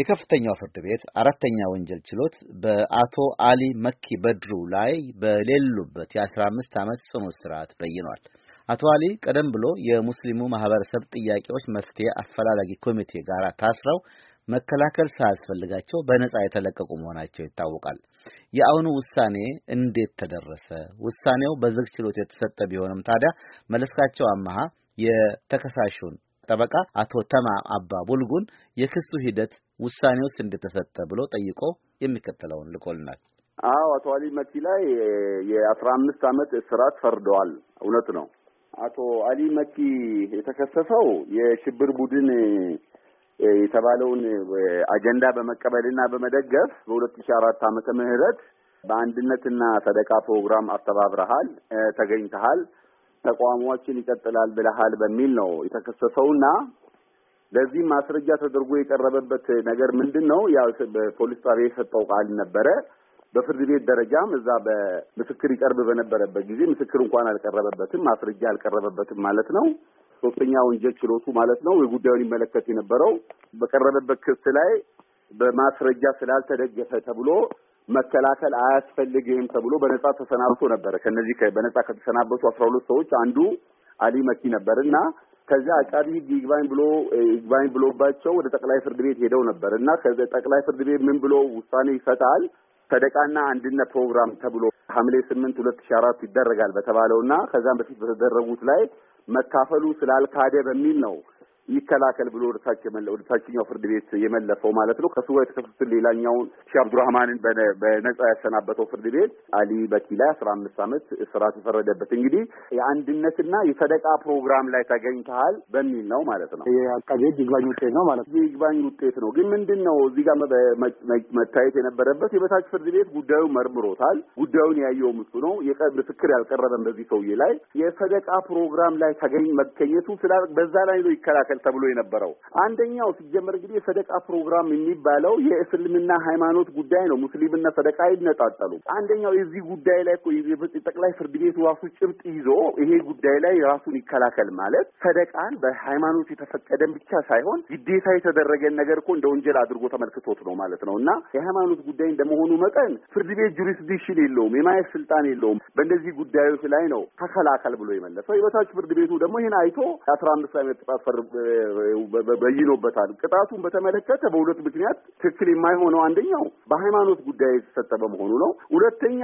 የከፍተኛው ፍርድ ቤት አራተኛ ወንጀል ችሎት በአቶ አሊ መኪ በድሩ ላይ በሌሉበት የ15 ዓመት ጽኑ እስራት በይኗል። አቶ አሊ ቀደም ብሎ የሙስሊሙ ማህበረሰብ ጥያቄዎች መፍትሄ አፈላላጊ ኮሚቴ ጋር ታስረው መከላከል ሳያስፈልጋቸው በነጻ የተለቀቁ መሆናቸው ይታወቃል። የአሁኑ ውሳኔ እንዴት ተደረሰ? ውሳኔው በዝግ ችሎት የተሰጠ ቢሆንም ታዲያ መለስካቸው አመሃ የተከሳሹን ጠበቃ አቶ ተማ አባ ቡልጉን የክሱ ሂደት ውሳኔውስ እንደተሰጠ ብሎ ጠይቆ የሚከተለውን ልኮልናል። አዎ አቶ አሊ መኪ ላይ የአስራ አምስት ዓመት እስራት ፈርደዋል። እውነት ነው። አቶ አሊ መኪ የተከሰሰው የሽብር ቡድን የተባለውን አጀንዳ በመቀበልና በመደገፍ በሁለት ሺ አራት አመተ ምህረት በአንድነትና ሰደቃ ፕሮግራም አስተባብረሃል፣ ተገኝተሃል፣ ተቋሟችን ይቀጥላል ብለሃል በሚል ነው የተከሰሰውና ለዚህም ማስረጃ ተደርጎ የቀረበበት ነገር ምንድን ነው? ያው ፖሊስ ጣቢያ የሰጠው ቃል ነበረ። በፍርድ ቤት ደረጃም እዛ በምስክር ይቀርብ በነበረበት ጊዜ ምስክር እንኳን አልቀረበበትም፣ ማስረጃ አልቀረበበትም ማለት ነው። ሶስተኛ ወንጀል ችሎቱ ማለት ነው የጉዳዩን ይመለከት የነበረው በቀረበበት ክስ ላይ በማስረጃ ስላልተደገፈ ተብሎ መከላከል አያስፈልግህም ተብሎ በነጻ ተሰናብቶ ነበረ። ከነዚህ በነጻ ከተሰናበቱ አስራ ሁለት ሰዎች አንዱ አሊ መኪ ነበር እና ከዚያ አቃቢ ሕግ ይግባኝ ብሎ ይግባኝ ብሎባቸው ወደ ጠቅላይ ፍርድ ቤት ሄደው ነበር እና ጠቅላይ ፍርድ ቤት ምን ብሎ ውሳኔ ይሰጣል? ሰደቃና አንድነት ፕሮግራም ተብሎ ሐምሌ ስምንት ሁለት ሺ አራት ይደረጋል በተባለው እና ከዛም በፊት በተደረጉት ላይ መካፈሉ ስላልካደ በሚል ነው ይከላከል ብሎ ወደታች ወደታችኛው ፍርድ ቤት የመለሰው ማለት ነው። ከሱ ጋር የተከሰሱትን ሌላኛውን ሺህ አብዱራህማንን በነጻ ያሰናበተው ፍርድ ቤት አሊ በኪ ላይ አስራ አምስት ዓመት እስራ ተፈረደበት። እንግዲህ የአንድነትና የሰደቃ ፕሮግራም ላይ ተገኝተሃል በሚል ነው ማለት ነው። የአቃቤ ሕግ ይግባኝ ውጤት ነው ማለት ነው። ይግባኝ ውጤት ነው። ግን ምንድን ነው እዚህ ጋር መታየት የነበረበት የበታች ፍርድ ቤት ጉዳዩን መርምሮታል። ጉዳዩን ያየውም እሱ ነው። ምስክር ያልቀረበን በዚህ ሰውዬ ላይ የሰደቃ ፕሮግራም ላይ ተገኝ መገኘቱ በዛ ላይ ነው ይከላከል መካከል ተብሎ የነበረው አንደኛው ሲጀመር እንግዲህ የሰደቃ ፕሮግራም የሚባለው የእስልምና ሃይማኖት ጉዳይ ነው። ሙስሊምና ሰደቃ ይነጣጠሉ። አንደኛው የዚህ ጉዳይ ላይ ጠቅላይ ፍርድ ቤቱ ራሱ ጭብጥ ይዞ ይሄ ጉዳይ ላይ ራሱን ይከላከል ማለት ሰደቃን በሃይማኖት የተፈቀደን ብቻ ሳይሆን ግዴታ የተደረገን ነገር እኮ እንደ ወንጀል አድርጎ ተመልክቶት ነው ማለት ነው እና የሃይማኖት ጉዳይ እንደመሆኑ መጠን ፍርድ ቤት ጁሪስዲክሽን የለውም፣ የማየት ስልጣን የለውም። በእንደዚህ ጉዳዮች ላይ ነው ተከላከል ብሎ የመለሰው የበታች ፍርድ ቤቱ ደግሞ ይህን አይቶ አስራ አምስት ዓመት ቅጣት በይኖበታል። ቅጣቱን በተመለከተ በሁለት ምክንያት ትክክል የማይሆነው አንደኛው በሃይማኖት ጉዳይ የተሰጠ በመሆኑ ነው። ሁለተኛ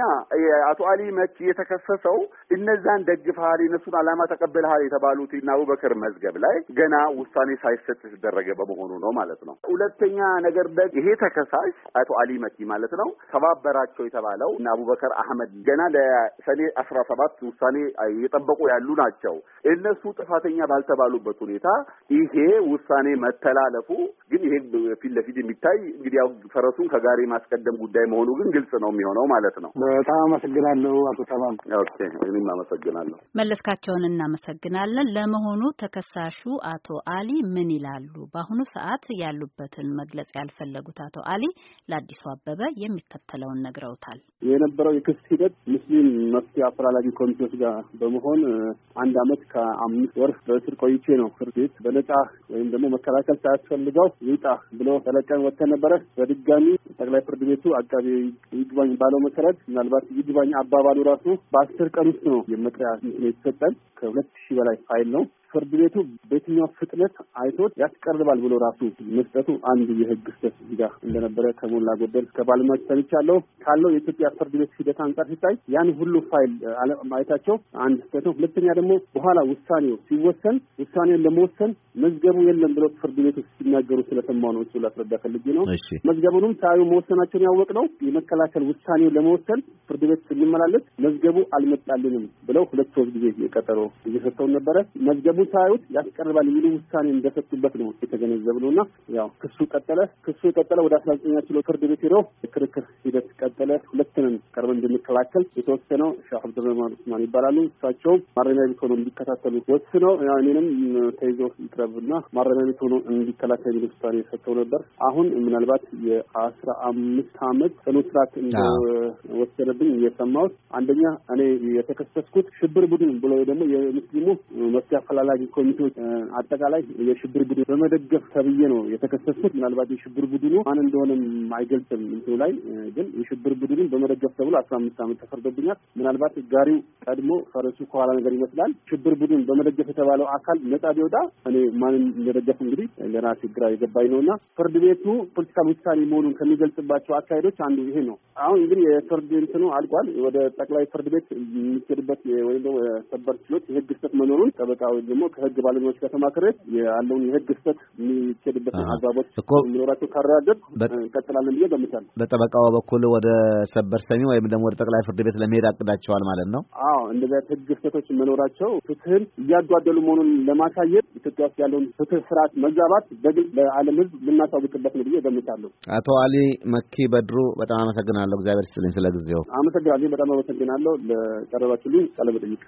አቶ አሊ መኪ የተከሰሰው እነዛን ደግፈሃል፣ የነሱን አላማ ተቀብልሃል የተባሉት እና አቡበከር መዝገብ ላይ ገና ውሳኔ ሳይሰጥ የተደረገ በመሆኑ ነው ማለት ነው። ሁለተኛ ነገር ደግ ይሄ ተከሳሽ አቶ አሊ መኪ ማለት ነው ተባበራቸው የተባለው እና አቡበከር አህመድ ገና ለሰኔ አስራ ሰባት ውሳኔ እየጠበቁ ያሉ ናቸው። እነሱ ጥፋተኛ ባልተባሉበት ሁኔታ ይሄ ውሳኔ መተላለፉ ግን ይሄ ፊት ለፊት የሚታይ እንግዲህ ያው ፈረሱን ከጋሪ ማስቀደም ጉዳይ መሆኑ ግን ግልጽ ነው የሚሆነው ማለት ነው። በጣም አመሰግናለሁ አቶ ተማም። ኦኬ እኔም አመሰግናለሁ። መለስካቸውን እናመሰግናለን። ለመሆኑ ተከሳሹ አቶ አሊ ምን ይላሉ? በአሁኑ ሰዓት ያሉበትን መግለጽ ያልፈለጉት አቶ አሊ ለአዲሱ አበበ የሚከተለውን ነግረውታል። የነበረው የክስ ሂደት ሙስሊም መፍትሄ አፈላላጊ ኮሚቴዎች ጋር በመሆን አንድ አመት ከአምስት ወር በእስር ቆይቼ ነው ፍርድ ቤት መግለጫ ወይም ደግሞ መከላከል ሳያስፈልገው ይውጣ ብሎ ተለቀን ወጥተን ነበረ። በድጋሚ ጠቅላይ ፍርድ ቤቱ አቃቤ ይግባኝ ባለው መሰረት ምናልባት ይግባኝ አባባሉ ራሱ በአስር ቀን ውስጥ ነው የመጥሪያ ምክንያት የተሰጠን። ከሁለት ሺህ በላይ ፋይል ነው ፍርድ ቤቱ በየትኛው ፍጥነት አይቶት ያስቀርባል ብሎ ራሱ መስጠቱ አንድ የህግ ስህተት ጋር እንደነበረ ከሞላ ጎደል ከባለሙያዎች ሰምቻለሁ። ካለው የኢትዮጵያ ፍርድ ቤት ሂደት አንጻር ሲታይ ያን ሁሉ ፋይል ማየታቸው አንድ ስህተት ነው። ሁለተኛ ደግሞ በኋላ ውሳኔው ሲወሰን ውሳኔውን ለመወሰን መዝገቡ የለም ብሎ ፍርድ ቤቱ ሲናገሩ ስለሰማሁ ነው። እሱ ላስረዳ ፈልጌ ነው። መዝገቡንም ሳዩ መወሰናቸውን ነው የመከላከል ውሳኔውን ለመወሰን ፍርድ ቤት ስንመላለስ መዝገቡ አልመጣልንም ብለው ሁለት ሶስት ጊዜ የቀጠሮ ጊዜ ነበረ መዝገቡ ሳያዩት ያስቀርባል የሚሉ ውሳኔ እንደሰጡበት ነው የተገነዘብ ነው እና ያው ክሱ ቀጠለ። ክሱ ቀጠለ ወደ አስራ ዘጠኛ ችሎት ፍርድ ቤት ሄዶ ክርክር ሂደት ቀጠለ። ሁለትንም ቀርበን እንድንከላከል የተወሰነው ሼህ አብዱረህማን ዑስማን ይባላሉ። እሳቸውም ማረሚያ ቤት ሆኖ እንዲከታተሉ ወስነው እኔንም ተይዞ ይቅረብና ማረሚያ ቤት ሆኖ እንዲከላከል የሚል ውሳኔ ሰጥተው ነበር። አሁን ምናልባት የአስራ አምስት አመት ጽኑ እስራት እንደወሰነብኝ የሰማሁት አንደኛ እኔ የተከሰስኩት ሽብር ቡድን ብሎ ደግሞ የሙስሊሙ መፍትሄ አፈላላ አስፈላጊ ኮሚቴዎች አጠቃላይ የሽብር ቡድን በመደገፍ ተብዬ ነው የተከሰሱት። ምናልባት የሽብር ቡድኑ ማን እንደሆነም አይገልጽም እንትኑ ላይ ግን የሽብር ቡድኑን በመደገፍ ተብሎ አስራ አምስት አመት ተፈርዶብኛል። ምናልባት ጋሪው ቀድሞ ፈረሱ ከኋላ ነገር ይመስላል። ሽብር ቡድን በመደገፍ የተባለው አካል ነጻ ቢወጣ እኔ ማንን እንደደገፍ እንግዲህ ለራሴ ግራ የገባኝ ነው እና ፍርድ ቤቱ ፖለቲካ ውሳኔ መሆኑን ከሚገልጽባቸው አካሄዶች አንዱ ይሄ ነው። አሁን ግን የፍርድ እንትኑ አልቋል። ወደ ጠቅላይ ፍርድ ቤት የሚሄድበት ወይም ደግሞ ሰበር ችሎት የህግ ስጠት መኖሩን ጠበቃ ወይም ደግሞ ከህግ ባለሙያዎች ጋር ተማክሬ ያለውን የህግ ስህተት የሚሄድበትን አዛቦች የሚኖራቸው ካረጋገጥ እንቀጥላለን ብዬ ገምታል። በጠበቃው በኩል ወደ ሰበር ሰሚ ወይም ደግሞ ወደ ጠቅላይ ፍርድ ቤት ለመሄድ አቅዳቸዋል ማለት ነው? አዎ እንደዚያ ህግ ስህተቶች መኖራቸው ፍትህን እያጓደሉ መሆኑን ለማሳየት ኢትዮጵያ ውስጥ ያለውን ፍትህ ስርዓት መዛባት በግልጽ ለዓለም ህዝብ ልናሳውቅበት ነው ብዬ ገምታለሁ። አቶ አሊ መኪ በድሩ በጣም አመሰግናለሁ። እግዚአብሔር ስጥልኝ ስለ ጊዜው አመሰግናለሁ። በጣም አመሰግናለሁ ለቀረባችሁልኝ ቃለ መጠይቅ